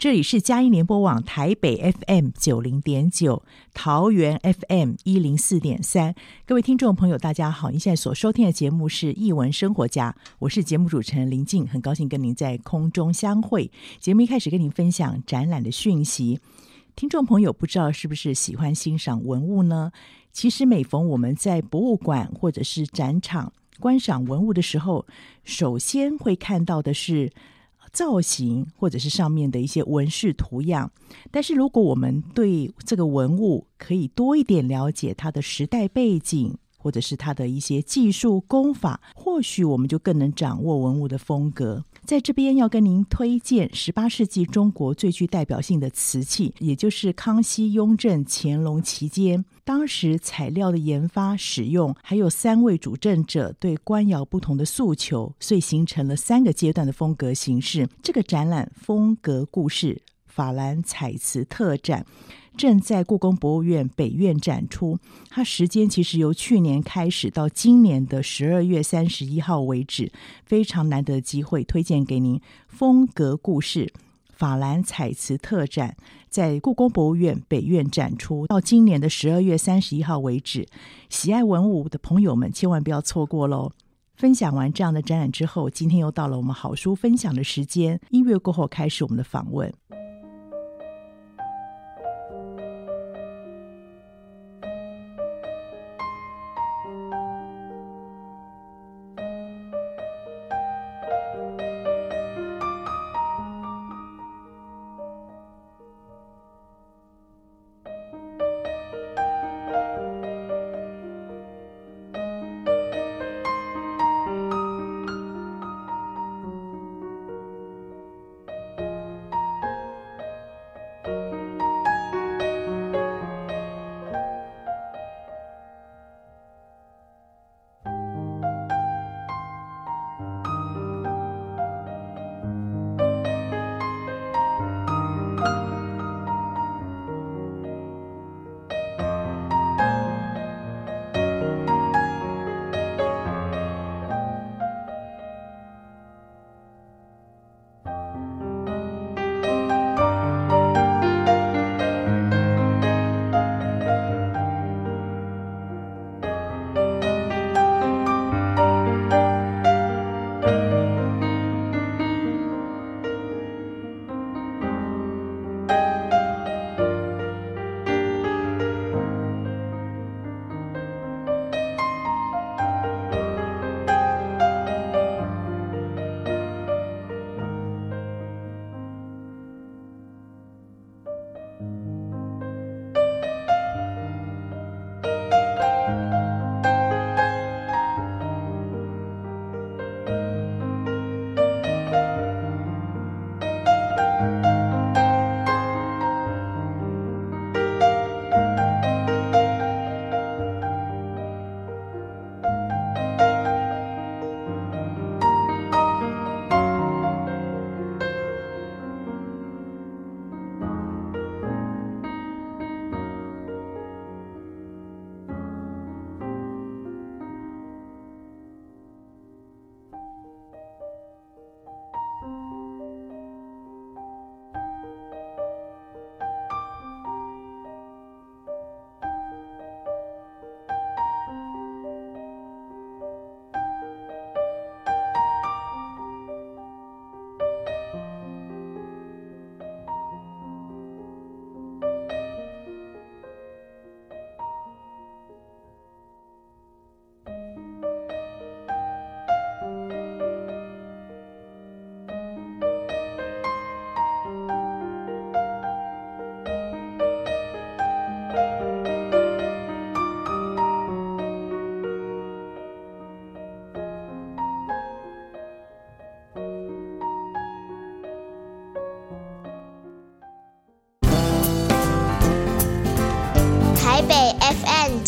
這裡是佳音聯播網台北 FM 九零點九，桃園 FM 一零四點三。各位聽眾朋友，大家好！您現在所收聽的節目是《藝文生活家》，我是節目主持人林靜，很高興跟您在空中相會。節目一開始跟您分享展覽的訊息。聽眾朋友，不知道是不是喜歡欣賞文物呢？其實每逢我們在博物館或者是展場觀賞文物的時候，首先會看到的是造型，或者是上面的一些紋飾圖樣，但是如果我們對這個文物可以多一點了解，它的時代背景，或者是它的一些技術工法，或許我們就更能掌握文物的風格。在這邊要跟您推薦十八世紀中國最具代表性的瓷器，也就是康熙、雍正、乾隆期間。當時材料的研發、使用，還有三位主政者對官窯不同的訴求，所以形成了三個階段的風格形式。這個展覽《風格故事：琺瑯彩瓷特展》正在故宮博物院北院展出。它時間其實由去年開始到今年的十二月三十一號為止，非常難得的機會，推薦給您《風格故事》。法蘭彩瓷特展在故宮博物院北院展出，到今年的十二月三十一號為止，喜愛文物的朋友們千萬不要錯過嘍！分享完這樣的展覽之後，今天又到了我們好書分享的時間，音樂過後開始我們的訪問。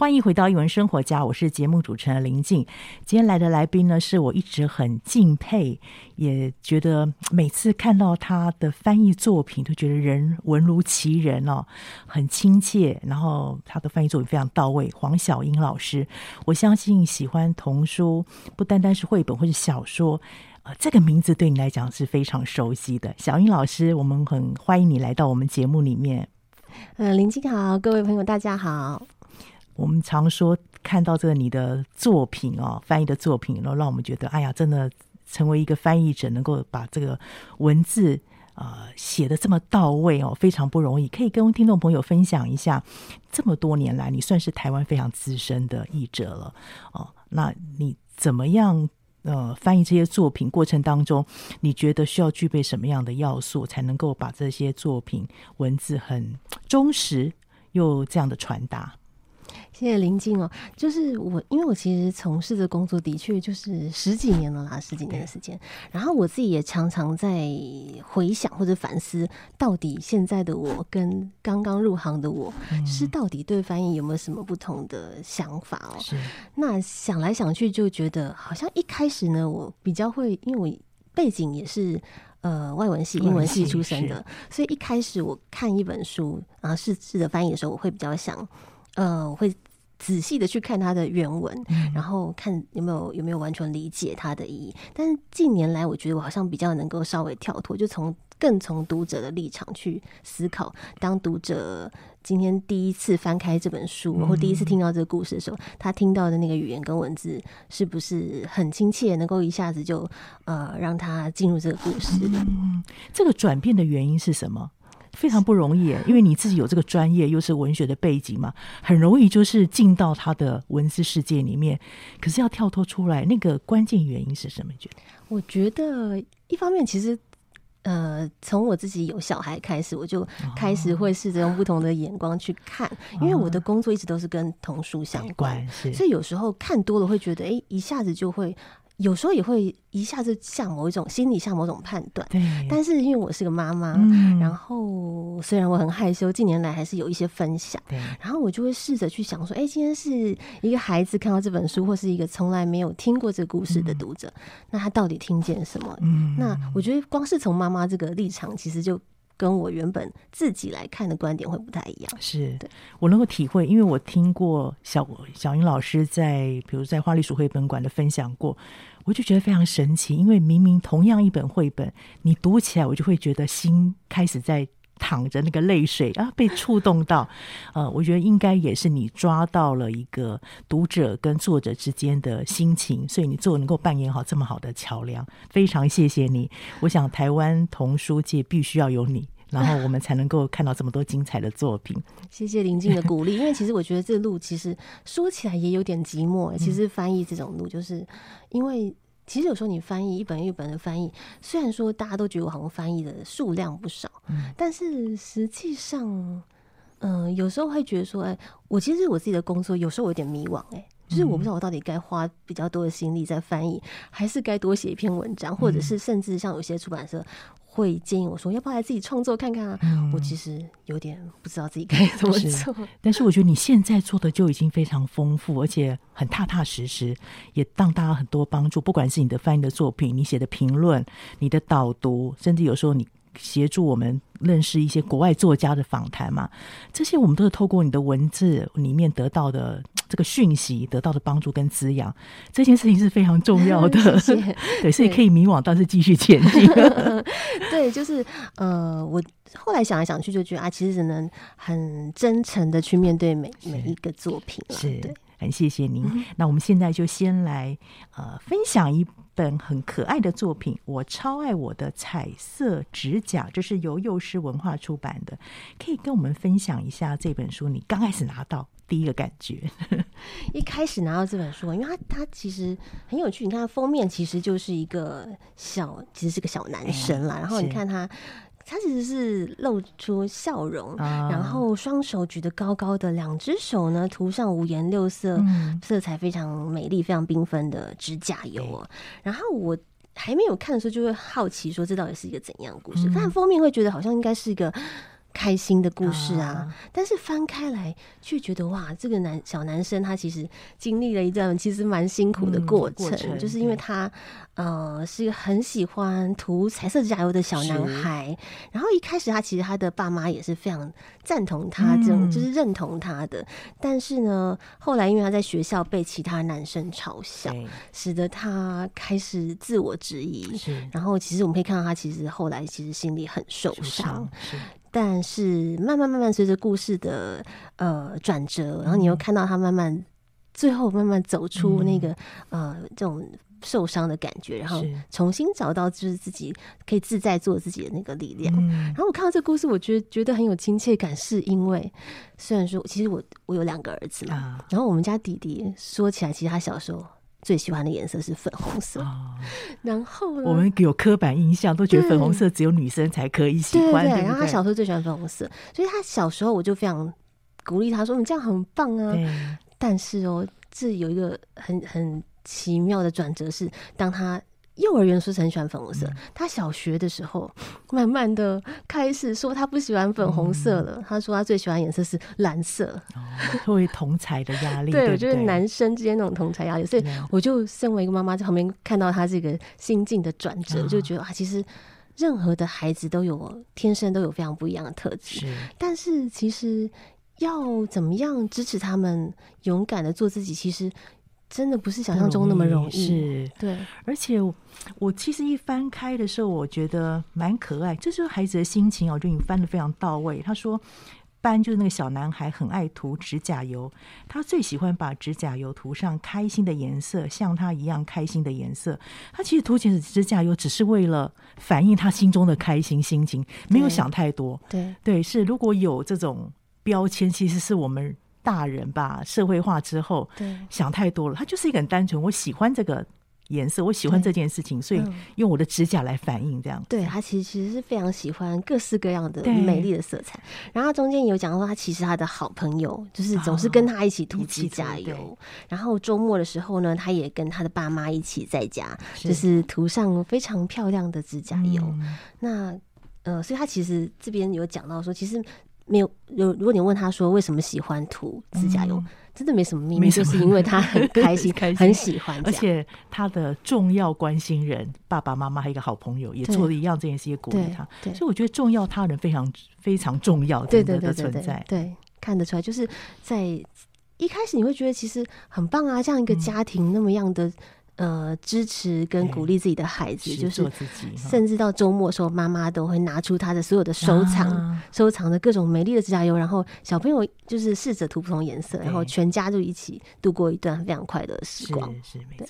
歡迎回到《藝文生活家》，我是節目主持人林靜。今天來的來賓呢，是我一直很敬佩，也覺得每次看到他的翻譯作品都覺得人文如其人哦，很親切。然後他的翻譯作品非常到位，黃筱茵老師。我相信喜歡童書不單單是繪本或是小說，呃，這個名字對你來講是非常熟悉的。筱茵老師，我們很歡迎你來到我們節目裡面。呃，林靜好，各位朋友大家好。我們常說看到這個你的作品啊、哦，翻譯的作品，然後讓我們覺得，哎呀，真的成為一個翻譯者，能夠把這個文字啊、呃、寫得這麼到位哦，非常不容易。可以跟聽眾朋友分享一下，這麼多年來，你算是台灣非常資深的譯者了哦。那你怎麼樣？呃，翻譯這些作品過程當中，你覺得需要具備什麼樣的要素，才能夠把這些作品文字很忠實又這樣的傳達？謝謝林靜哦，就是我，因為我其實從事的工作的確就是十幾年了啦， 十幾年的時間。然後我自己也常常在回想或者反思，到底現在的我跟剛剛入行的我，嗯、是到底對翻譯有沒有什麼不同的想法哦？是。那想來想去就覺得，好像一開始呢，我比較會，因為我背景也是呃外文系、英文系出身的，所以一開始我看一本書，然後試着翻譯的時候，我會比較想，呃，我會。仔細的去看他的原文，然後看有沒有有沒有完全理解他的意義。但是近年來，我覺得我好像比較能夠稍微跳脫，就從更從讀者的立場去思考。當讀者今天第一次翻開這本書，然後第一次聽到這個故事的時候，他聽到的那個語言跟文字是不是很親切，能夠一下子就呃讓他進入這個故事？嗯，這個轉變的原因是什麼？非常不容易，因為你自己有這個專業，又是文學的背景嘛，很容易就是進到他的文字世界裡面。可是要跳脫出來，那個關鍵原因是什麼？覺得？我覺得一方面其實，呃，從我自己有小孩開始，我就開始會試着用不同的眼光去看，哦、因為我的工作一直都是跟童書相關，嗯、所以有時候看多了會覺得，哎、欸，一下子就會。有時候也會一下子像某一種心理，像某種判斷，對。但是因為我是個媽媽，嗯、然後雖然我很害羞，近年來還是有一些分享。對。然後我就會試着去想說，哎、欸，今天是一個孩子看到這本書，或是一個從來沒有聽過這個故事的讀者，嗯、那他到底聽見什麼？嗯。那我覺得光是從媽媽這個立場，嗯、其實就跟我原本自己來看的觀點會不太一樣。是。的對，我能夠體會，因為我聽過小，筱茵老師在，比如在花栗鼠繪本館的分享過。我就覺得非常神奇，因為明明同樣一本繪本，你讀起來我就會覺得心開始在淌着那個淚水啊，被觸動到。呃，我覺得應該也是你抓到了一個讀者跟作者之間的心情，所以你做能夠扮演好這麼好的橋樑。非常謝謝你。我想台灣童書界必須要有你。然後我們才能夠看到這麼多精彩的作品。啊、謝謝林靜的鼓勵， 因為其實我覺得這路其實說起來也有點寂寞、欸。嗯、其實翻譯這種路，就是因為其實有時候你翻譯一本一本的翻譯，雖然說大家都覺得我好像翻譯的數量不少，嗯、但是實際上，嗯、呃，有時候會覺得說，哎、欸，我其實我自己的工作，有時候我有點迷惘、欸，哎，就是我不知道我到底該花比較多的心力在翻譯，嗯、還是該多寫一篇文章，或者是甚至像有些出版社。會建議我說，要不要來自己創作看看啊？嗯、我其實有點不知道自己該怎麼做， 但是我覺得你現在做的就已經非常豐富， 而且很踏踏實實，也讓大家很多幫助。不管是你的翻譯的作品，你寫的評論，你的導讀，甚至有時候你。協助我們認識一些國外作家的訪談嘛，這些我們都是透過你的文字裡面得到的這個訊息，得到的幫助跟滋養，這件事情是非常重要的。 謝謝 對，所以可以迷惘，但是繼續前進。對， 對，就是呃，我後來想來想去，就覺得啊，其實只能很真誠的去面對每是每一個作品是對。很謝謝您。那我們現在就先來呃分享一本很可愛的作品，我超愛我的彩色指甲，這是由幼獅文化出版的。可以跟我們分享一下這本書，你剛開始拿到第一個感覺？ 一開始拿到這本書，因為它它其實很有趣。你看它封面其實就是一個小，其實是個小男生啦。嗯、然後你看他。他其實是露出笑容，啊、然後雙手舉得高高的，兩隻手呢塗上五顏六色、色彩非常美麗、非常繽紛的指甲油、啊。哦，嗯、然後我還沒有看的時候，就會好奇說：這到底是一個怎樣的故事？但、嗯、封面會覺得好像應該是一個開心的故事啊！Uh, 但是翻開來卻覺得哇，這個男小男生他其實經歷了一段其實蠻辛苦的過程，嗯這個、過程就是因為他對呃是一個很喜歡塗彩色指甲油的小男孩。是然後一開始他其實他的爸媽也是非常贊同他這種、嗯、就是認同他的，但是呢後來因為他在學校被其他男生嘲笑，對使得他開始自我質疑。是然後其實我們可以看到他其實後來其實心裡很受傷。是但是慢慢慢慢隨着故事的呃轉折，然後你又看到他慢慢、嗯、最後慢慢走出那個、嗯、呃這種受傷的感覺，然後重新找到就是自己可以自在做自己的那個力量。嗯、然後我看到這個故事，我覺得覺得很有親切感，是因為雖然說其實我我有兩個兒子嘛，然後我們家弟弟說起來，其實他小時候。最喜歡的顏色是粉紅色，哦、然後我們有刻板印象，都覺得粉紅色只有女生才可以喜歡。對，然後她小時候最喜歡粉紅色，所以她小時候我就非常鼓勵她說：“你這樣很棒啊！”對但是哦，這有一個很很奇妙的轉折是，當她。幼兒園時候很喜歡粉紅色，他、嗯、小學的時候慢慢的開始說他不喜歡粉紅色了。他、嗯、說他最喜歡顏色是藍色、哦，作為同儕的壓力， 對，對對，我覺得男生之間那種同儕壓力，所以我就身為一個媽媽在旁邊看到他這個心境的轉折，嗯、就覺得啊，其實任何的孩子都有天生都有非常不一樣的特質。是但是其實要怎麼樣支持他們勇敢的做自己，其實。真的不是想象中那麼容易。容易是對，而且我,我其實一翻開的時候，我覺得蠻可愛，時、就是孩子的心情、啊、我覺得你翻得非常到位。他說，班就是那個小男孩，很愛塗指甲油，他最喜歡把指甲油塗上開心的顏色，像他一樣開心的顏色。他其實塗指甲油，只是為了反映他心中的開心心情，對沒有想太多。對對，是如果有這種標籤，其實是我們。大人吧，社會化之後對想太多了。他就是一個很單純，我喜歡這個顏色，我喜歡這件事情，嗯、所以用我的指甲來反映這樣。對他其實其實是非常喜歡各式各樣的美麗的色彩。對然後他中間有講到，他其實他的好朋友就是總是跟他一起塗指甲油。啊、然後周末的時候呢，他也跟他的爸媽一起在家，是就是塗上非常漂亮的指甲油。嗯、那呃，所以他其實這邊有講到說，其實。沒有，有如果你問他說為什麼喜歡塗指甲油，嗯、真的沒什麼秘密，什就是因為他很開心， 開心很喜歡，而且他的重要關心人爸爸媽媽還有一個好朋友對也做了一樣這件事情鼓勵他，對對所以我覺得重要他人非常非常重要，真的，的存在對對對對對對對，看得出來，就是在一開始你會覺得其實很棒啊，這樣一個家庭那麼樣的。嗯呃，支持跟鼓勵自己的孩子，對就是甚至到周末的時候，媽媽都會拿出她的所有的收藏，啊、收藏的各種美麗的指甲油，然後小朋友就是試着塗不同顏色，對然後全家就一起度過一段非常快樂的時光。是，是，沒錯。對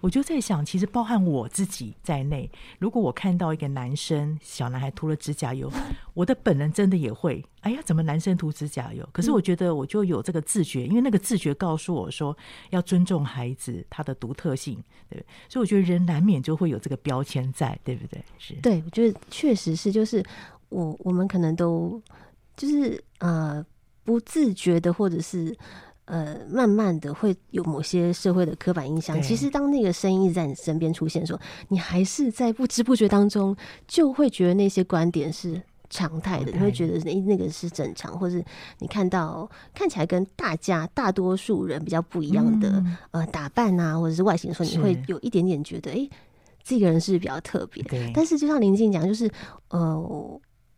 我就在想，其實包含我自己在內，如果我看到一個男生、小男孩塗了指甲油，我的本人真的也會。 哎呀，怎麼男生塗指甲油？可是我覺得我就有這個自覺，因為那個自覺告訴我說要尊重孩子他的獨特性，對。所以我覺得人難免就會有這個標籤在，對不對？是。對，我覺得確實是，就是我我們可能都就是呃不自覺的，或者是呃慢慢的會有某些社會的刻板印象。對其實當那個聲音一直在你身邊出現的時候，說你還是在不知不覺當中就會覺得那些觀點是。常態的，你會覺得那那個是正常，或是你看到看起來跟大家大多數人比較不一樣的，嗯、呃打扮啊，或者是外形的時候，你會有一點點覺得哎，這個是、欸、人是，是比較特別。對但是就像林靜講，就是呃，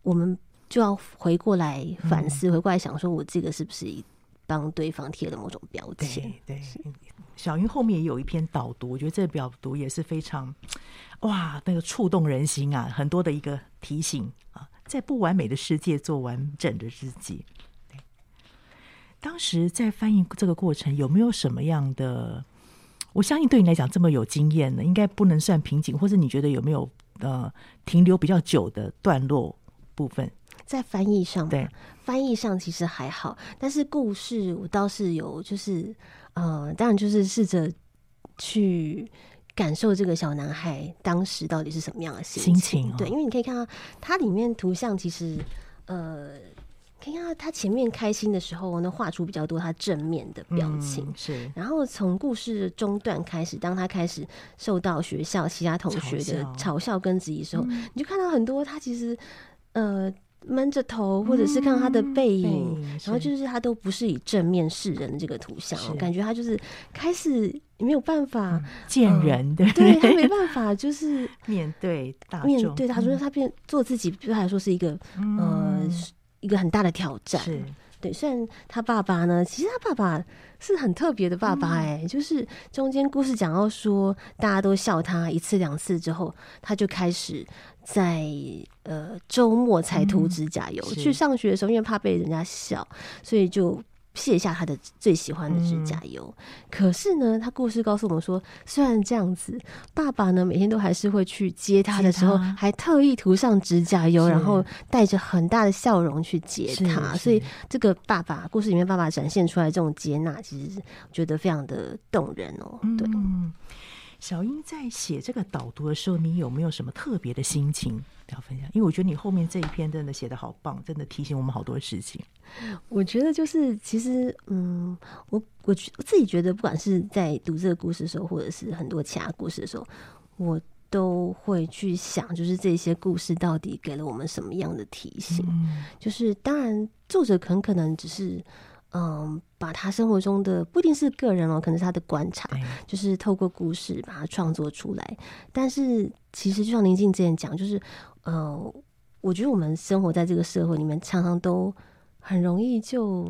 我們就要回過來反思，嗯、回過來想說，我這個是不是幫對方貼了某種標籤？對，是筱茵後面也有一篇導讀，我覺得這導讀也是非常哇，那個觸動人心啊，很多的一個提醒啊。在不完美的世界做完整的自己。當時在翻譯這個過程，有沒有什麼樣的？我相信對你來講這麼有經驗呢？應該不能算瓶頸，或者你覺得有沒有呃停留比較久的段落部分？在翻譯上，對，翻譯上其實還好，但是故事我倒是有，就是呃，當然就是試着去。感受這個小男孩當時到底是什麼樣的心情？心情哦、對，因為你可以看到，他裡面圖像其實，呃，可以看到他前面開心的時候呢，能畫出比較多他正面的表情。嗯、是，然後從故事中段開始，當他開始受到學校其他同學的嘲笑跟質疑的時候， 你就看到很多他其實，呃。悶着頭，或者是看他的背影，嗯、背影然後就是他都不是以正面示人這個圖像，是我感覺他就是開始沒有辦法見、嗯、人的，呃、對他沒辦法就是面對大眾，面對大眾，他變、嗯、做自己，對他來說是一個呃、嗯、一個很大的挑戰。是對，雖然他爸爸呢，其實他爸爸是很特別的爸爸、欸，哎、嗯，就是中間故事講到說，大家都笑他一次兩次之後，他就開始在。呃，周末才塗指甲油。嗯、去上學的時候，因為怕被人家笑，所以就卸下他的最喜歡的指甲油。嗯、可是呢，他故事告訴我們說，雖然這樣子，爸爸呢每天都還是會去接他的時候，接他還特意塗上指甲油，是然後帶着很大的笑容去接他。是是，所以，這個爸爸故事裡面，爸爸展現出來這種接納，其實覺得非常的動人哦。對。嗯筱茵，在寫這個導讀的時候，你有沒有什麼特別的心情要分享？因為我覺得你後面這一篇真的寫得好棒，真的提醒我們好多事情。我覺得就是，其實，嗯，我我我自己覺得，不管是在讀這個故事的時候，或者是很多其他故事的時候，我都會去想，就是這些故事到底給了我們什麼樣的提醒。嗯、就是當然，作者很可能只是。嗯，把他生活中的不一定是個人哦，喔，可能是他的觀察，嗯、就是透過故事把它創作出來。但是其實就像林靜之前講，就是呃、嗯，我覺得我們生活在這個社會裡面，常常都很容易就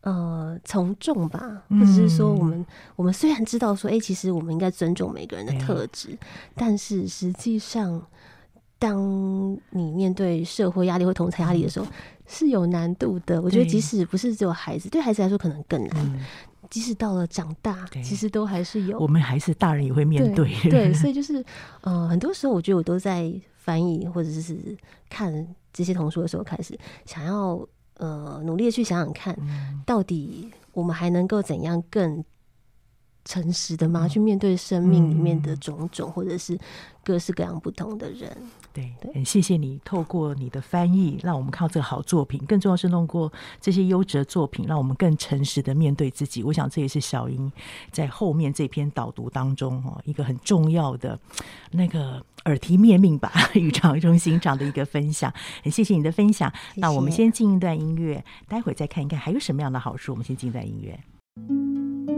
呃從眾吧，或者就是說我們、嗯、我們雖然知道說，哎、欸，其實我們應該尊重每個人的特質，嗯、但是實際上。當你面對社會壓力或同儕壓力的時候，是有難度的。我覺得即使不是只有孩子，對孩子來說可能更難。對即使到了長大，其實對都還是有。我們還是大人也會面對。對，對，所以就是呃，很多時候我覺得我都在翻譯或者是看這些童書的時候，開始想要呃努力的去想想看，到底我們還能夠怎樣更。誠實的嗎？去面對生命裡面的種種，嗯、或者是各式各樣不同的人。對，謝謝你透過你的翻譯，讓我們看到這個好作品。更重要的是，通過這些優質的作品，讓我們更誠實的面對自己。我想這也是筱茵在後面這篇導讀當中哦，一個很重要的那個耳提面命吧，語重心長的一個分享。很謝謝你的分享。謝謝。那我們先進一段音樂，待會再看一看還有什麼樣的好書。我們先進一段音樂。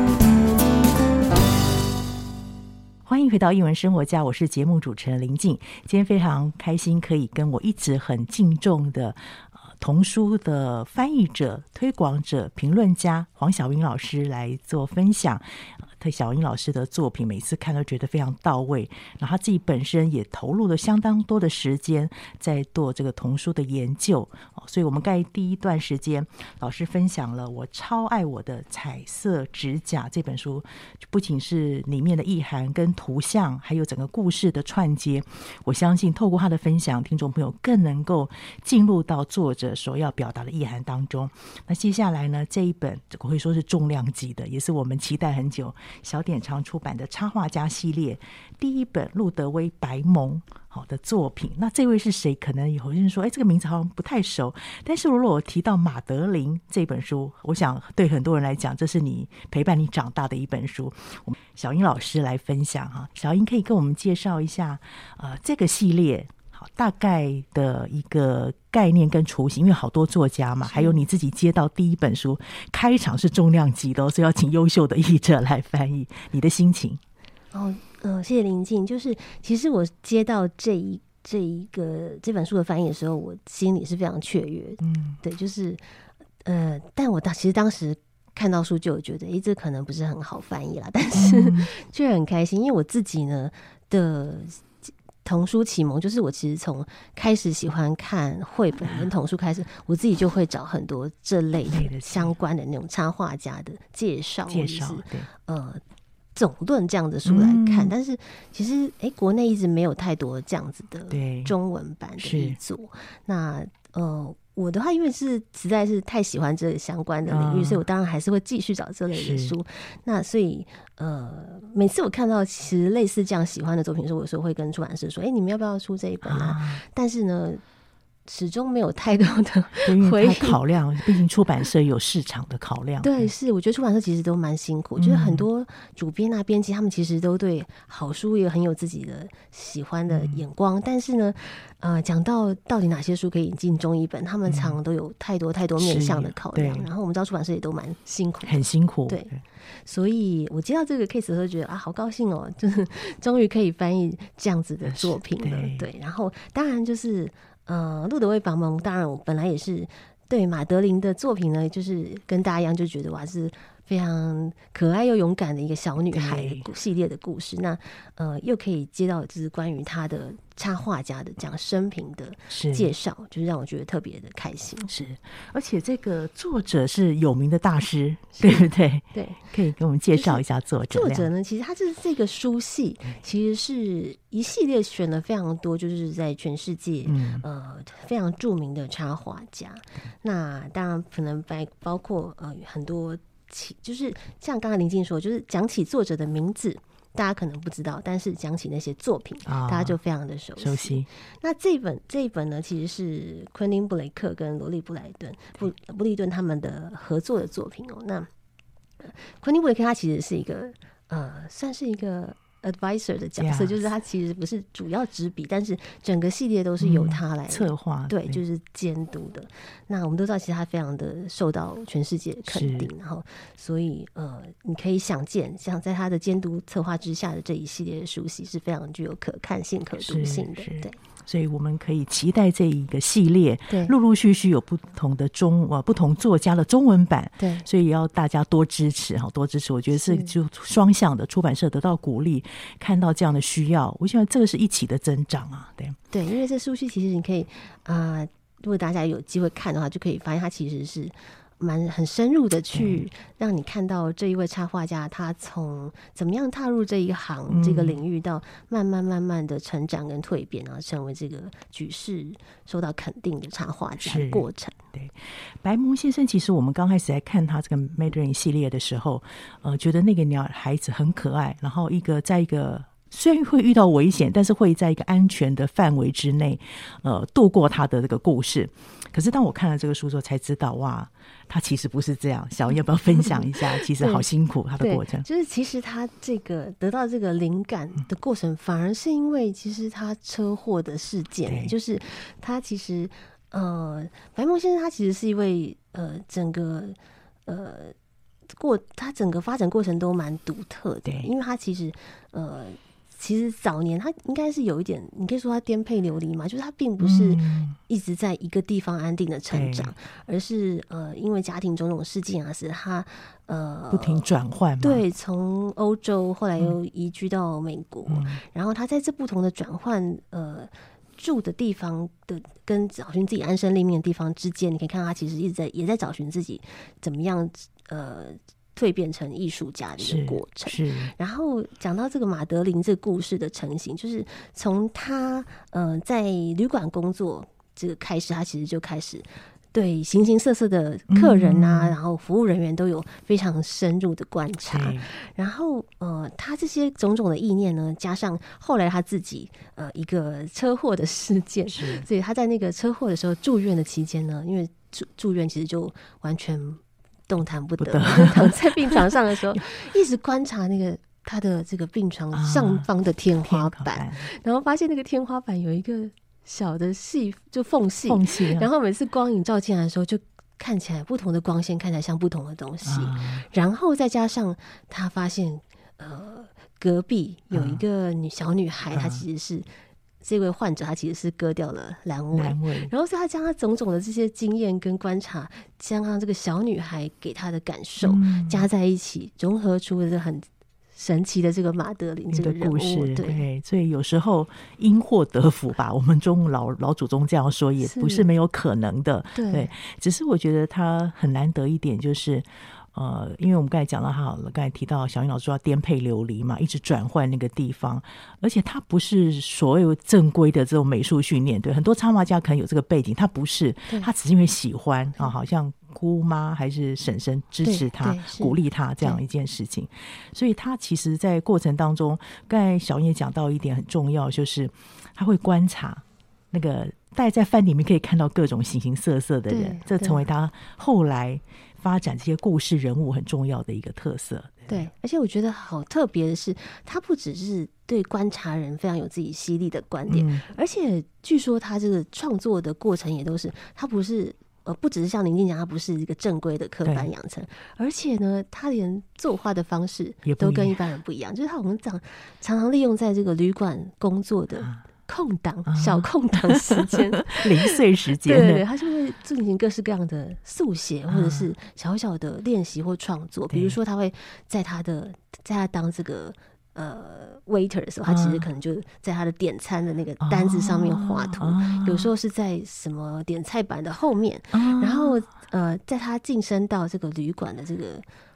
歡迎回到《藝文生活家》，我是節目主持人林靜。今天非常開心，可以跟我一直很敬重的童書的翻譯者、推廣者、評論家黃筱茵老師來做分享。筱茵老師的作品，每次看都覺得非常到位。然後他自己本身也投入了相當多的時間在做這個童書的研究。所以我們在第一段時間，老師分享了我超愛我的彩色指甲這本書。不僅是裡面的意涵跟圖像，還有整個故事的串接。我相信透過他的分享，聽眾朋友更能夠進入到作者所要表達的意涵當中。那接下來呢，這一本我會說是重量級的，也是我們期待很久。小典藏出版的插畫家系列第一本路德威白蒙好的作品，那這位是誰？可能有些人說，哎，這個名字好像不太熟。但是如果我提到瑪德琳這本書，我想對很多人來講，這是你陪伴你長大的一本書。我們筱茵老師來分享哈、啊，筱茵可以跟我們介紹一下啊、呃，這個系列，大概的一個概念跟雛形，因為好多作家嘛，還有你自己接到第一本書開場是重量級的，哦，所以要請優秀的譯者來翻譯，你的心情？哦，嗯、呃，謝謝林靜。就是其實我接到這一這一個這本書的翻譯的時候，我心裡是非常雀躍。嗯，對，就是呃，但我當其實當時看到書就覺得，一、欸，這可能不是很好翻譯了，但是確實，嗯、 很開心，因為我自己呢的。童書啟蒙就是我其實從開始喜歡看繪本跟童書開始，啊、我自己就會找很多這類的相關的那種插畫家的介紹、介紹、呃、總論這樣子的書來看。嗯、但是其實，誒、欸，國內一直沒有太多這樣子的中文版的著作。那呃。我的話，因為是實在是太喜歡這類相關的領域，啊、所以我當然還是會繼續找這類的書。是那所以，呃，每次我看到其實類似這樣喜歡的作品時候，我有時候會跟出版社說：“哎、欸，你們要不要出這一本、啊？”啊、但是呢。始終沒有太多的回慮考量，畢竟出版社有市場的考量。 對，是我覺得出版社其實都蠻辛苦。嗯、就是很多主編那、啊、編輯他們其實都對好書也很有自己的喜歡的眼光。嗯、但是呢，呃，講到到底哪些書可以引進中譯本，他們常常都有太多太多面向的考量。嗯、然後我們知道出版社也都蠻辛苦，很辛苦。對，所以我接到這個 case 的時候，覺得啊，好高興哦，就是終於可以翻譯這樣子的作品了。對，對，然後當然就是。呃，路德威白蒙，當然我本來也是對馬德琳的作品呢，就是跟大家一樣，就覺得哇，是非常可愛又勇敢的一個小女孩的故系列的故事。對那呃，又可以接到就是關於她的。插畫家的這樣生平的介紹，是就是讓我覺得特別的開心。是，而且這個作者是有名的大師，是對不對？對，可以給我們介紹一下作者。作者呢，其實他就是這個書系，其實是一系列選了非常多，就是在全世界、嗯、呃非常著名的插畫家。對那當然可能包包括呃很多起，就是像剛才林靜說，就是講起作者的名字。大家可能不知道，但是講起那些作品，啊、大家就非常的熟悉。熟悉。那這本這一本呢，其實是昆丁布雷克跟羅利布萊頓對布布利頓他們的合作的作品哦。那呃、昆丁布雷克他其實是一個呃，算是一個。Advisor 的角色 Yes. 就是他其實不是主要執筆，但是整個系列都是由他來的、嗯、策劃，對，就是監督的。對那我們都知道，其實他非常的受到全世界肯定，是然後所以呃，你可以想見，像在他的監督策劃之下的這一系列的書籍是非常具有可看性、可讀性的，對。所以我們可以期待這一個系列，對，陸陸續續有不同的中啊，不同作家的中文版，對，所以也要大家多支持哈，多支持，我覺得是就雙向的，出版社得到鼓勵，是看到這樣的需要，我希望這個是一起的增長啊，對，對，因為這書系其實你可以啊、呃，如果大家有機會看的話，就可以發現它其實是。蠻很深入的去讓你看到這一位插畫家，他從怎麼樣踏入這一行這個領域，到慢慢慢慢的成長跟蛻變然後成為這個舉世受到肯定的插畫家的過程。對，白蒙先生，其實我們剛開始在看他這個 Madeline 系列的時候，呃，覺得那個女孩子很可愛，然後一個在一個雖然會遇到危險，但是會在一個安全的範圍之內，呃，度過他的這個故事。可是當我看了這個書之後，才知道哇、啊！他其實不是這樣，筱茵要不要分享一下？ 其實好辛苦他的過程。就是其實他這個得到這個靈感的過程，反而是因為其實他車禍的事件。對就是他其實呃，白蒙先生他其實是一位呃，整個呃過他整個發展過程都蠻獨特的，對因為他其實呃。其實早年他應該是有一點，你可以說他顛沛流離嘛，就是他並不是一直在一個地方安定的成長，嗯、而是呃，因為家庭種種事件啊，是他呃不停轉換。對，從歐洲後來又移居到美國，嗯、然後他在這不同的轉換呃住的地方的跟找尋自己安身立命的地方之間，你可以看到他其實一直在也在找尋自己怎麼樣呃。蛻變成藝術家的一個過程。是,是。然後講到這個馬德琳這個故事的成型，就是從他呃在旅館工作這個開始，他其實就開始對形形色色的客人啊，嗯嗯然後服務人員都有非常深入的觀察。是然後呃，他這些種種的意念呢，加上後來他自己呃一個車禍的事件，是所以他在那個車禍的時候住院的期間呢，因為住住院其實就完全。動彈不得，躺得得在病床上的時候，一直觀察那個他的這個病床上方的天花板，然後發現那個天花板有一個小的細就縫隙，然後每次光影照進來的時候，就看起來不同的光線看起來像不同的東西，然後再加上他發現，呃，隔壁有一個女小女孩，她其實是。這位患者他其實是割掉了闌尾，位然後是他將他種種的這些經驗跟觀察，將他這個小女孩給他的感受，嗯、加在一起，融合出一個很神奇的這個瑪德琳這個、嗯、的故事。對，對，所以有時候因禍得福吧，我們中老老祖宗這樣說也不是沒有可能的。對，對，只是我覺得他很難得一點就是。呃，因為我們剛才講到好了，剛才提到筱茵老師說要顛沛流離嘛，一直轉換那個地方，而且他不是所有正規的這種美術訓練，對，很多插畫家可能有這個背景，他不是，他只是因為喜歡對啊，好像姑媽還是嬸嬸支持他、鼓勵他這樣一件事情，對所以他其實，在過程當中，剛才筱茵也講到一點很重要，就是他會觀察那個，待在飯裡面可以看到各種形形色色的人，這成為他後來。發展這些故事人物很重要的一個特色。對，而且我覺得好特別的是，他不只是對觀察人非常有自己犀利的觀點，嗯、而且據說他這個創作的過程也都是他不是呃，不只是像您講，他不是一個正規的科班養成，對而且呢，他連作畫的方式也都跟一般人不一樣，也不一樣。就是他我們常常常利用在這個旅館工作的。嗯空檔小空檔時間， 零碎時間， 對、對、對，他就會進行各式各樣的速寫，或者是小小的練習或創作。嗯。比如說，他會在他的在他當這個。呃，waiter 的時候，他其實可能就在他的點餐的那個單子上面畫圖，啊、有時候是在什麼點菜板的後面，啊、然後呃，在他晉升到這個旅館的這個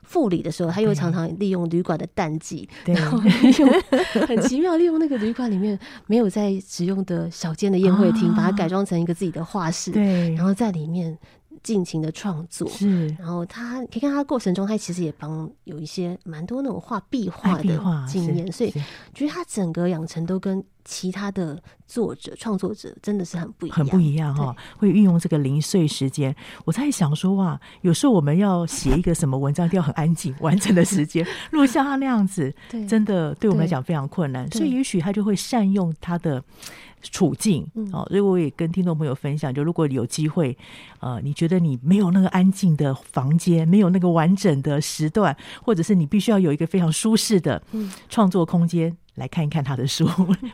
副理的時候，他又常常利用旅館的淡季，對然後利用很奇妙利用那個旅館裡面沒有在使用的小間的宴會廳，啊、把它改裝成一個自己的畫室，對，然後在裡面。盡情的創作，是。然後他可以看他過程中，他其實也幫有一些蠻多那種畫壁畫的經驗，所以覺得他整個養成都跟其他的作者創作者真的是很不一樣，很不一樣哈、哦。對會運用這個零碎時間，我在想說哇、啊，有時候我們要寫一個什麼文章，要很安靜、 完整的時間，如果像他那樣子，對真的對我們來講非常困難。所以也許他就會善用他的。處境，哦，所以我也跟聽眾朋友分享，就如果你有機會，呃，你覺得你沒有那個安靜的房間，沒有那個完整的時段，或者是你必須要有一個非常舒適的創作空間，來看一看他的書，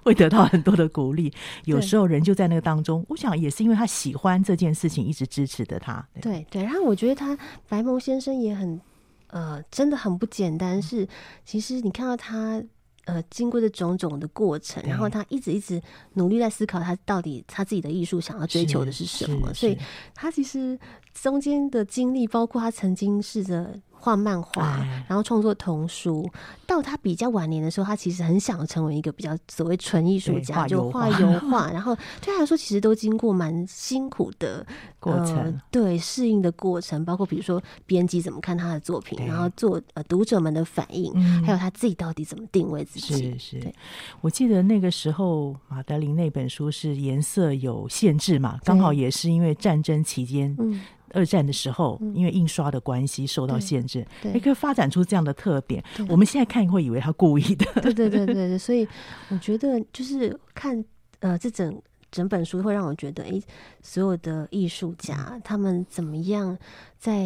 會得到很多的鼓勵。 有時候人就在那個當中，我想也是因為他喜歡這件事情，一直支持着他。對對，對，然後我覺得他白蒙先生也很，呃，真的很不簡單。是，其實你看到他。呃，經過的種種的過程，然後他一直一直努力在思考，他到底他自己的藝術想要追求的是什麼。所以，他其實中間的經歷，包括他曾經試着。畫漫畫，然後創作童書。唉到他比較晚年的時候，他其實很想成為一個比較所謂純藝術家，畫畫就畫油畫。 然後對他來說，其實都經過蠻辛苦的過程，呃、對適應的過程，包括比如說編輯怎麼看他的作品，對然後做呃讀者們的反應，嗯、還有他自己到底怎麼定位自己。是是，對我記得那個時候瑪德琳那本書是顏色有限制嘛，剛對好也是因為戰爭期間、嗯。二戰的時候，嗯、因為印刷的關係受到限制，對對，可以發展出這樣的特點。對對對，我們現在看會以為他故意的，對對對對對。所以我覺得就是看呃這整整本書會讓我覺得，哎，所有的藝術家他們怎麼樣在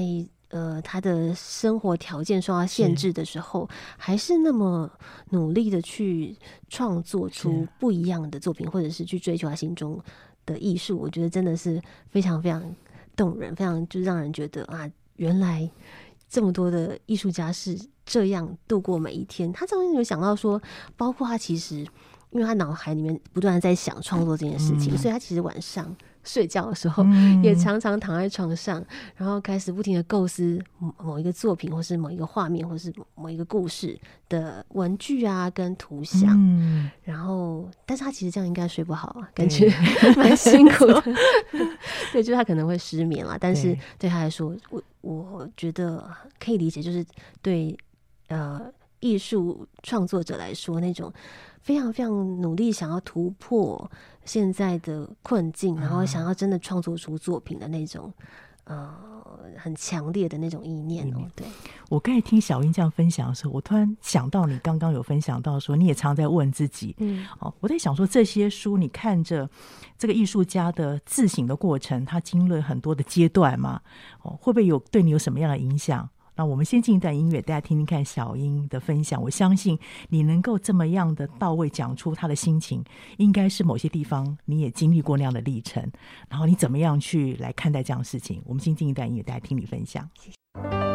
呃他的生活條件受到限制的時候，是還是那麼努力的去創作出不一樣的作品，是或者是去追求他心中的藝術。我覺得真的是非常非常。動人，非常就讓人覺得啊，原來這麼多的藝術家是這樣度過每一天。他這種有想到說，包括他其實，因為他腦海裡面不斷在想創作這件事情，嗯、所以他其實晚上。睡覺的時候，嗯、也常常躺在床上，然後開始不停的構思某一個作品，或是某一個畫面，或是某一個故事的文具啊、跟圖像。嗯、然後，但是他其實這樣應該睡不好，啊，感覺蠻辛苦的。對， 對，就他可能會失眠了。但是對他來說，我我覺得可以理解，就是對呃藝術創作者來說，那種非常非常努力想要突破。現在的困境，然後想要真的創作出作品的那種，啊、呃，很強烈的那種意念哦。對，我剛才聽小英這樣分享的時候，我突然想到你剛剛有分享到說，你也常在問自己，嗯，哦，我在想說，這些書你看着這個藝術家的自省的過程，他經歷了很多的階段嘛，哦，會不會有對你有什麼樣的影響？那我們先進一段音樂，大家聽聽看筱茵的分享。我相信你能夠這麼樣的到位講出他的心情，應該是某些地方你也經歷過那樣的歷程。然後你怎麼樣去來看待這樣的事情？我們先進一段音樂，大家聽你分享。謝謝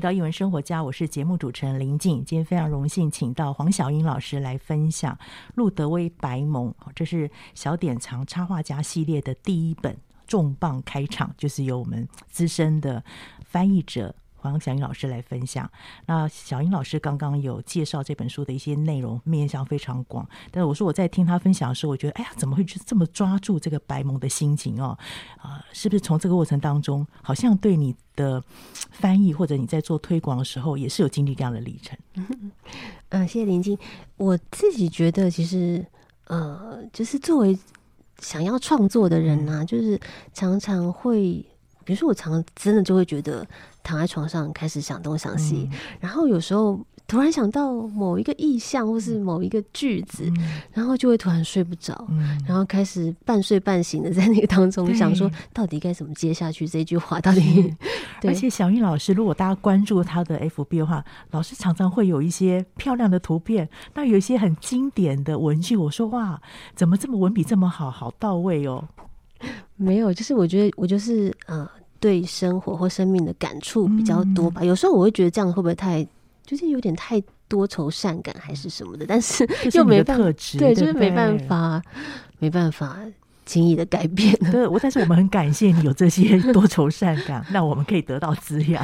到藝文生活家，我是節目主持人林靜。今天非常榮幸，請到黃筱茵老師來分享《路德威白蒙》，這是小典藏插畫家系列的第一本，重磅開場就是由我們資深的翻譯者。黃筱茵老師來分享。那筱茵老師剛剛有介紹這本書的一些內容，面向非常廣。但是我說我在聽她分享的時候，我覺得哎呀，怎麼會去這麼抓住這個白蒙的心情哦？啊、呃，是不是從這個過程當中，好像對你的翻譯或者你在做推廣的時候，也是有經歷這樣的歷程？嗯、呃，謝謝林靜。我自己覺得，其實呃，就是作為想要創作的人呢、啊，嗯、就是常常會。於是，我常常真的就會覺得，躺在床上開始想東想西，嗯、然後有時候突然想到某一個意象，或是某一個句子，嗯、然後就會突然睡不着，嗯、然後開始半睡半醒的在那個當中想說，到底該怎麼接下去這句話？對到底？而且筱茵老師，如果大家關注他的 FB 的話，老師常常會有一些漂亮的圖片，那有一些很經典的文句。我說哇，怎麼這麼文筆這麼好，好到位哦？沒有，就是我覺得我就是嗯。呃對生活或生命的感觸比較多吧，嗯、有時候我會覺得這樣會不會太，就是有點太多愁善感還是什麼的，但是又沒辦法，對，對就是沒辦法，對沒辦法輕易的改變。對，我但是我們很感謝你有這些多愁善感， 那我們可以得到滋養。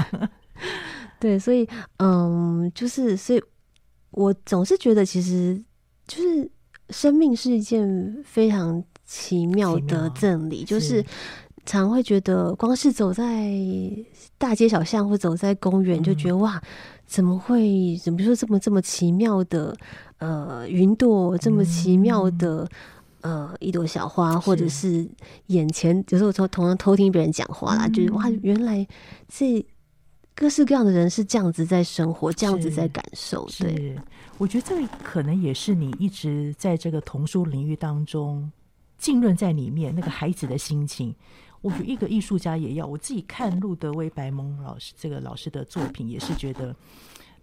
對，所以嗯，就是所以，我總是覺得其實就是生命是一件非常奇妙的贈禮，妙就是。是常會覺得，光是走在大街小巷，或走在公園，就覺得、嗯、哇，怎麼會？怎麼說這麼這麼奇妙的呃雲朵，這麼奇妙的、嗯、呃一朵小花，嗯、或者是眼前就是我從同樣偷聽別人講話啦，就是、嗯、哇，原來這各式各樣的人是這樣子在生活，這樣子在感受。是對是，我覺得這可能也是你一直在這個童書領域當中浸潤在裡面那個孩子的心情。嗯嗯我覺得一個藝術家也要，我自己看路德威白蒙老師這個老師的作品，也是覺得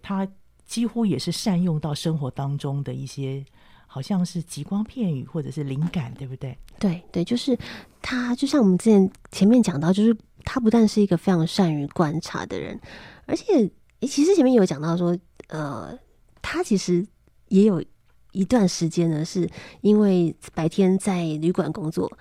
他幾乎也是善用到生活當中的一些，好像是吉光片羽或者是靈感，對不對？對對，就是他就像我們之前前面講到，就是他不但是一個非常善於觀察的人，而且其實前面有講到說，呃，他其實也有一段時間呢，是因為白天在旅館工作。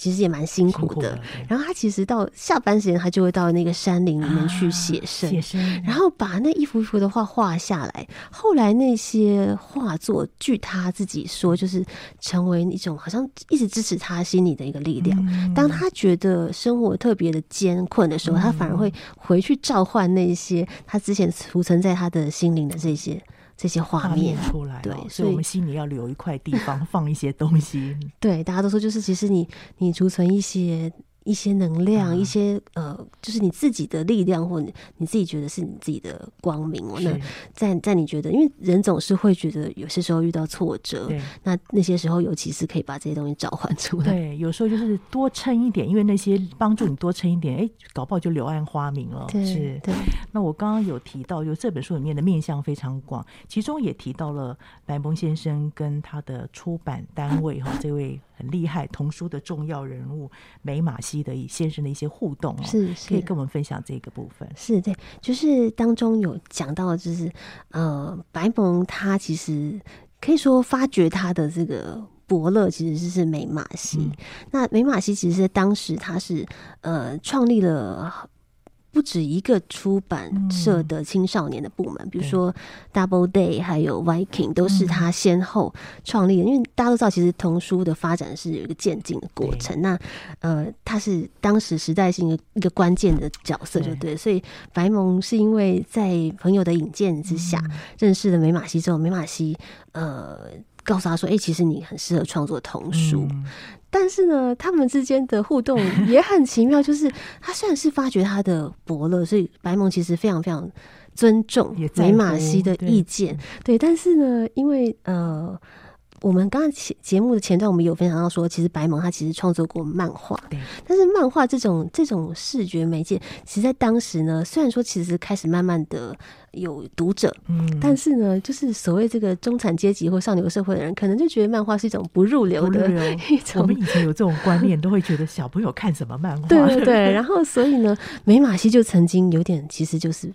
其實也蠻辛苦的，苦然後他其實到下班時間，他就會到那個山林裡面去寫生，啊、寫生然後把那一幅一幅的畫畫下來。後來那些畫作，據他自己說，就是成為一種好像一直支持他心裡的一個力量。嗯、當他覺得生活特別的艱困的時候，嗯、他反而會回去召喚那些他之前儲存在他的心靈的這些。這些畫面，畫面出來喔，對，所以，所以我們心裡要留一塊地方放一些東西。 對，大家都說就是，其實你你儲存一些。一些能量，一些呃，就是你自己的力量，或你自己覺得是你自己的光明。嗯、那在在你覺得，因為人總是會覺得有些時候遇到挫折，對那那些時候尤其是可以把這些東西召喚出來。對，有時候就是多撐一點，因為那些幫助你多撐一點，哎、欸，搞不好就柳暗花明了。對是，對。那我剛剛有提到，就這本書裡面的面向非常廣，其中也提到了白蒙先生跟他的出版單位哈，這位很厲害童書的重要人物梅馬西。先生的一些互動，是可以跟我們分享這個部分？是，是，是對，就是當中有講到，就是呃，白蒙他其實可以說發掘他的這個伯樂，其實是美馬西。嗯、那美馬西其實當時他是呃創立了。不止一個出版社的青少年的部門，嗯、比如說 Double Day，還有 Viking，都是他先後創立的。嗯、因為大家都知道，其實童書的發展是有一個漸進的過程，嗯、那呃，他是當時時代性的一個關鍵的角色，就對。嗯、所以，白蒙是因為在朋友的引薦之下認識了梅馬西之後，梅馬西呃告訴他說、欸：“其實你很適合創作童書。嗯”但是呢，他們之間的互動也很奇妙， 就是他雖然是發掘他的伯樂，所以白蒙其實非常非常尊重美馬西的意見，對，對。但是呢，因為呃。我們剛剛節目的前段，我們有分享到說，其實白蒙他其實創作過漫畫，對但是漫畫這種這種視覺媒介，其實在當時呢，雖然說其實開始慢慢的有讀者，嗯，但是呢，就是所謂這個中產階級或上流社會的人，可能就覺得漫畫是一種不入流的，一種我們以前有這種觀念，都會覺得小朋友看什麼漫畫？ 對對對。然後所以呢，美馬西就曾經有點，其實就是。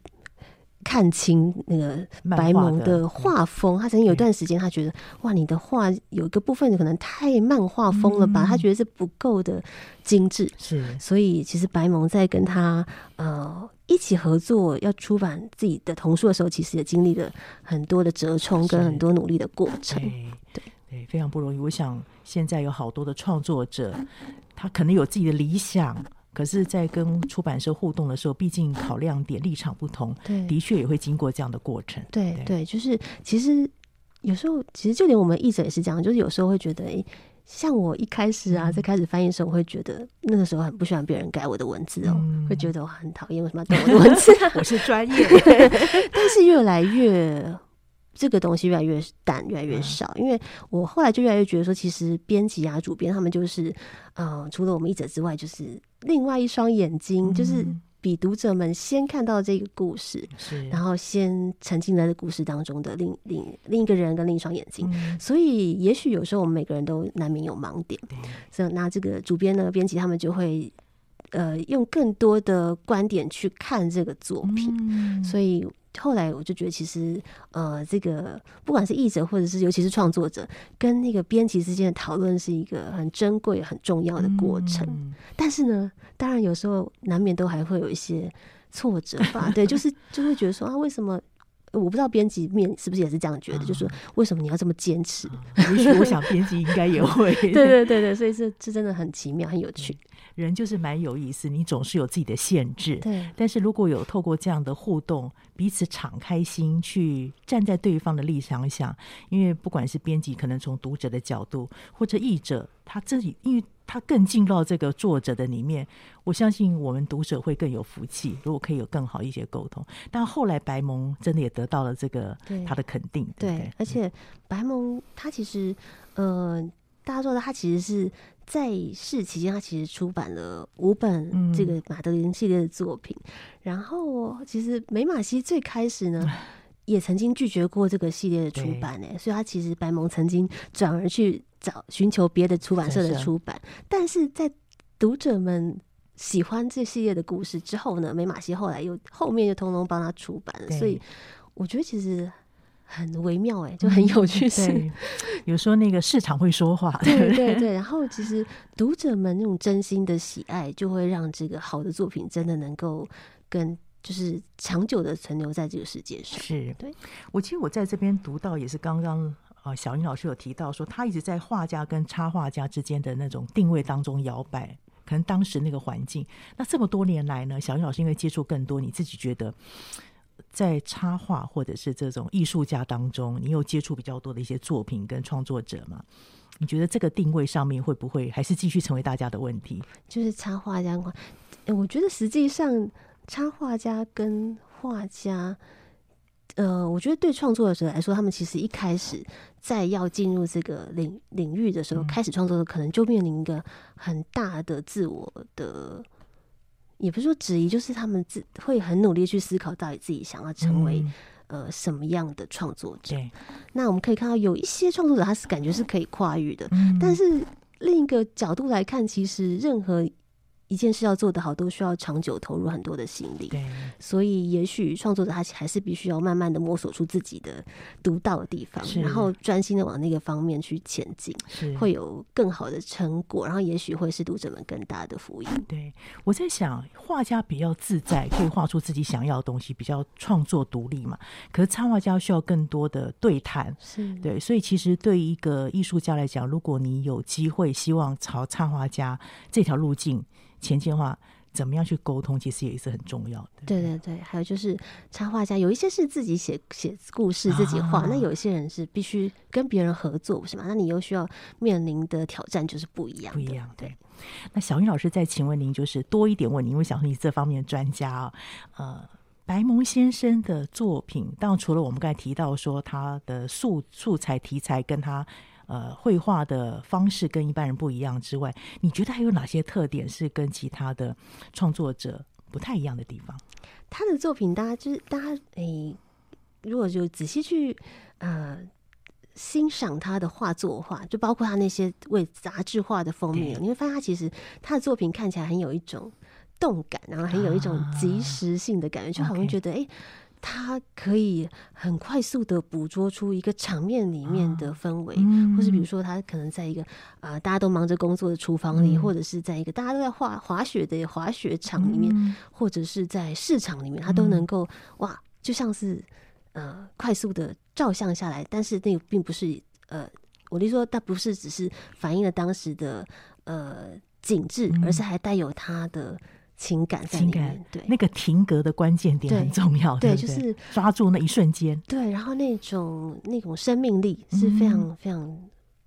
看清那個白蒙的畫風，嗯、他曾經有一段時間，他覺得對哇，你的畫有一個部分可能太漫畫風了吧？嗯、他覺得是不夠的精致。是，所以其實白蒙在跟他呃一起合作要出版自己的童書的時候，其實也經歷了很多的折衷跟很多努力的過程。對對,對,對，非常不容易。我想現在有好多的創作者，他可能有自己的理想。可是，在跟出版社互動的時候，畢竟考量點立場不同，對，的確也會經過這樣的過程。對對、對、對，就是其實有時候，其實就連我們譯者也是這樣，就是有時候會覺得，哎，像我一開始啊，在開始翻譯的時候，嗯、我會覺得那個時候很不喜歡別人改我的文字哦，嗯、會覺得我很討厭，為什麼要改我的文字？ 我是專業， 但是越來越。這個東西越來越淡，越來越少。嗯、因為我後來就越來越覺得說，其實編輯啊、主編他們就是，嗯、呃，除了我們譯者之外，就是另外一雙眼睛，嗯、就是比讀者們先看到這個故事，是然後先沉浸在這故事當中的另另另一個人跟另一雙眼睛。嗯、所以，也許有時候我們每個人都難免有盲點，嗯、所以那這個主編呢、編輯他們就會，呃，用更多的觀點去看這個作品，嗯、所以。後來我就覺得，其實呃，這個不管是譯者或者是尤其是創作者，跟那個編輯之間的討論是一個很珍貴、很重要的過程。嗯。但是呢，當然有時候難免都還會有一些挫折吧？對，就是就會覺得說啊，為什麼？我不知道編輯面是不是也是這樣覺得，就是說為什麼你要這麼堅持？不是，我想編輯應該也會。 對對對對，所以這這真的很奇妙，很有趣。嗯、人就是蠻有意思，你總是有自己的限制。對，但是如果有透過這樣的互動，彼此敞開心，去站在對方的立場想，因為不管是編輯，可能從讀者的角度，或者譯者，他自己，因為。他更進入到這個作者的裡面，我相信我們讀者會更有福氣。如果可以有更好一些溝通，但後來白蒙真的也得到了這個他的肯定。對，對，對，對，而且白蒙他其實，呃，大家知道他其實是在世期間，他其實出版了五本這個馬德琳系列的作品。嗯、然後，其實美馬西最開始呢。 也曾經拒絕過這個系列的出版呢、欸，對所以他其實白蒙曾經轉而去找尋求別的出版社的出版，是是，但是在讀者們喜歡這系列的故事之後呢，美馬西後來又後面又通通幫他出版了，對所以我覺得其實很微妙哎、欸，就很有趣是，對 有時候那個市場會說話的，對對對， 然後其實讀者們那種真心的喜愛，就會讓這個好的作品真的能夠跟。就是長久地存留在這個世界上，是對。我其實我在這邊讀到也是剛剛啊，筱茵老師有提到說，他一直在畫家跟插畫家之間的那種定位當中搖擺。可能當時那個環境，那這麼多年來呢，筱茵老師因為接觸更多，你自己覺得在插畫或者是這種藝術家當中，你有接觸比較多的一些作品跟創作者嗎？你覺得這個定位上面會不會還是繼續成為大家的問題？就是插畫家、欸，我覺得實際上。插畫家跟畫家，呃，我覺得對創作者來說，他們其實一開始在要進入這個領領域的時候，嗯、開始創作的，可能就面臨一個很大的自我的，也不是說質疑，就是他們自會很努力去思考，到底自己想要成為、嗯、呃什麼樣的創作者。對那我們可以看到，有一些創作者他是感覺是可以跨越的，嗯、但是另一個角度來看，其實任何。一件事要做得好，都需要長久投入很多的心力，對所以也許創作者他還是必須要慢慢的摸索出自己的獨到的地方，是然後專心的往那個方面去前進，是會有更好的成果，然後也許會是讀者們更大的福音。對，我在想，畫家比較自在，可以畫出自己想要的東西，比較創作獨立嘛。可是插畫家需要更多的對談，是對，所以其實對於一個藝術家來講，如果你有機會，希望朝插畫家這條路徑，前期的話，怎麼樣去溝通，其實也是很重要的。對，對對對，還有就是插畫家，有一些是自己寫寫故事，自己畫；啊、那有些人是必須跟別人合作，是嗎？那你又需要面臨的挑戰就是不一樣，不一樣。對。那筱茵老師再請問您，就是多一點問您。因為筱茵你這方面專家啊，呃，白蒙先生的作品，當然除了我們剛才提到說他的素素材題材跟他。呃，繪畫的方式跟一般人不一樣之外，你覺得還有哪些特點是跟其他的創作者不太一樣的地方？他的作品，大家就是大家誒、欸，如果就仔細去呃欣賞他的畫作的話，就包括他那些為雜誌畫的封面，對你會發現他其實他的作品看起來很有一種動感，然後很有一種即時性的感覺，啊、就好像覺得誒。okay 欸他可以很快速的捕捉出一個場面裡面的氛圍，啊嗯、或是比如說他可能在一個啊、呃、大家都忙着工作的廚房裡，嗯、或者是在一個大家都在滑滑雪的滑雪場裡面，嗯、或者是在市場裡面，他都能夠哇，就像是呃快速的照相下來。但是那個並不是呃，我就說，它不是只是反映了當時的呃景致，而是還帶有它的。嗯情感在裡面，情感，對那個停格的關鍵點很重要，對，對，對，對，就是抓住那一瞬間，對，然後那種那種生命力是非常非常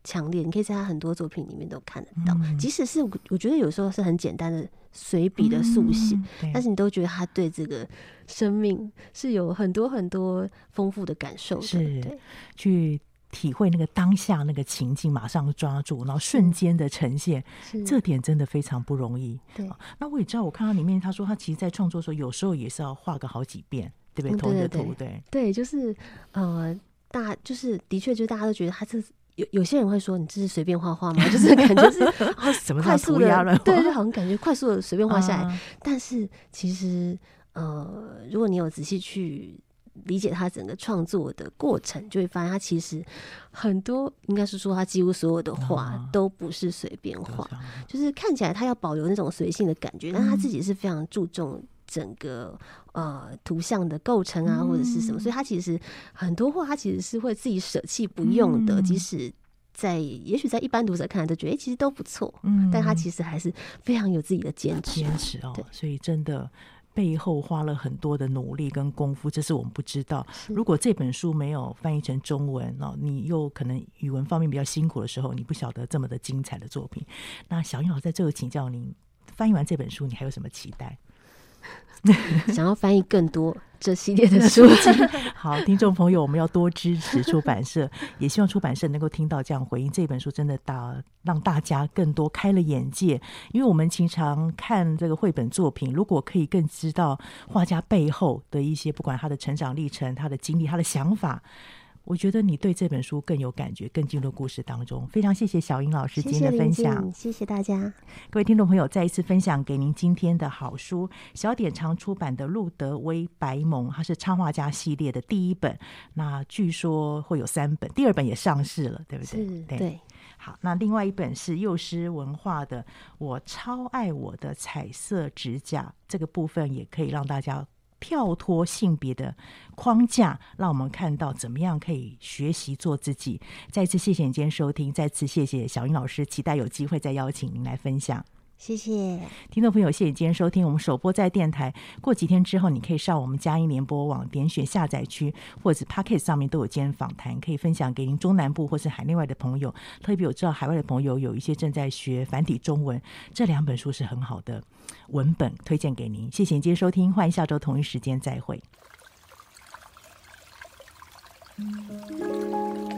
強烈，嗯、你可以在他很多作品裡面都看得到，嗯、即使是我覺得有時候是很簡單的隨筆的速寫，嗯、但是你都覺得他對這個生命是有很多很多豐富的感受的，是對，去。體會那個當下那個情境，馬上抓住，然後瞬間的呈現，是這點真的非常不容易。對、啊，那我也知道，我看到裡面他說，他其實，在創作的時候，有時候也是要畫個好幾遍，對不對？嗯、對對對。對，對，就是呃，大就是的確，就是大家都覺得他這有有些人會說，你這是隨便畫畫嗎？ 就是感覺是 快速的？對對，就好像感覺快速的隨便畫下來。啊、但是其實呃，如果你有仔細去。理解他整個創作的過程，就會發現他其實很多，應該是說他幾乎所有的畫都不是隨便畫，嗯嗯、就是看起來他要保留那種隨性的感覺，但他自己是非常注重整個呃圖像的構成啊，或者是什麼，嗯、所以他其實很多畫他其實是會自己舍棄不用的，嗯、即使在也許在一般讀者看來都覺得、欸、其實都不錯，嗯、但他其實還是非常有自己的堅持，堅持哦，對所以真的。背後花了很多的努力跟功夫，這是我們不知道。如果這本書沒有翻譯成中文，你又可能語文方面比較辛苦的時候，你不曉得這麼的精彩的作品。那筱茵老師在最後請教您，翻譯完這本書，你還有什麼期待？想要翻譯更多這系列的書籍， 好，聽眾朋友，我們要多支持出版社， 也希望出版社能夠聽到這樣回應。這本書真的大，讓大家更多開了眼界。因為我們經常看這個繪本作品，如果可以更知道畫家背後的一些，不管他的成長歷程、他的經歷、他的想法。我覺得你對這本書更有感覺，更進入故事當中。非常謝謝筱茵老師今天的分享，謝謝大家，各位聽眾朋友，謝謝再一次分享給您今天的好書，小典藏出版的路德威白蒙，它是插畫家系列的第一本，那據說會有三本，第二本也上市了，對不對？是對，好，那另外一本是幼獅文化的，我超愛我的彩色指甲這個部分，也可以讓大家。跳脫性別的框架，讓我們看到怎麼樣可以學習做自己。再次謝謝您今天收聽，再次謝謝筱茵老師，期待有機會再邀請您來分享。謝謝聽眾朋友，謝謝今天收聽我們首播在電台。過幾天之後，你可以上我們佳音聯播網點選下載區，或者是 Podcast 上面都有今天訪談，可以分享給您中南部或是海內外的朋友。特別我知道海外的朋友有一些正在學繁體中文，這兩本書是很好的文本，推薦給您。謝謝今天收聽，歡迎下周同一時間再會。嗯